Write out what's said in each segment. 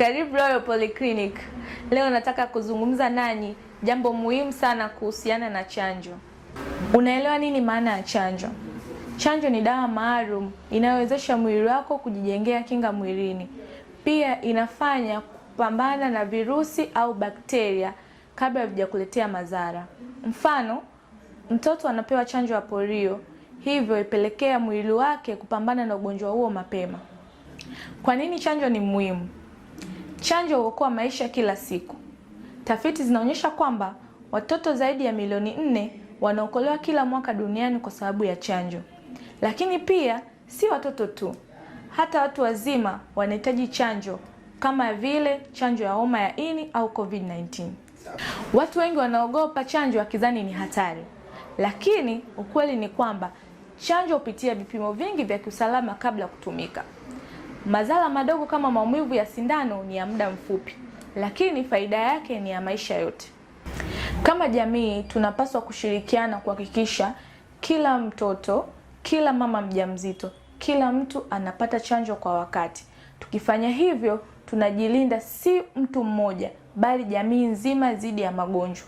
Karibu Royal Polyclinic. Leo nataka kuzungumza nanyi jambo muhimu sana kuhusiana na chanjo. Unaelewa nini maana ya chanjo? Chanjo ni dawa maalum inayowezesha mwili wako kujijengea kinga mwilini. Pia inafanya kupambana na virusi au bakteria kabla havijakuletea madhara. Mfano, mtoto anapewa chanjo ya polio, hivyo ipelekea mwili wake kupambana na ugonjwa huo mapema. Kwa nini chanjo ni muhimu? Chanjo huokoa maisha kila siku. Tafiti zinaonyesha kwamba watoto zaidi ya milioni nne wanaokolewa kila mwaka duniani kwa sababu ya chanjo. Lakini pia si watoto tu, hata watu wazima wanahitaji chanjo kama vile chanjo ya homa ya ini au COVID-19. Watu wengi wanaogopa chanjo wakidhani ni hatari, lakini ukweli ni kwamba chanjo hupitia vipimo vingi vya kiusalama kabla ya kutumika. Madhara madogo kama maumivu ya sindano ni ya muda mfupi, lakini faida yake ni ya maisha yote. Kama jamii, tunapaswa kushirikiana kuhakikisha kila mtoto, kila mama mjamzito, kila mtu anapata chanjo kwa wakati. Tukifanya hivyo, tunajilinda si mtu mmoja, bali jamii nzima dhidi ya magonjwa.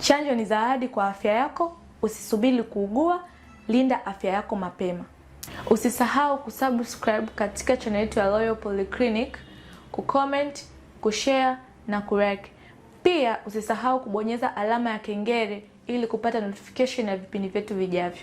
Chanjo ni zawadi kwa afya yako. Usisubiri kuugua, linda afya yako mapema. Usisahau kusubscribe katika channel yetu ya Royal Polyclinic, kucomment, kushare na kulike. Pia usisahau kubonyeza alama ya kengele ili kupata notification ya vipindi vyetu vijavyo.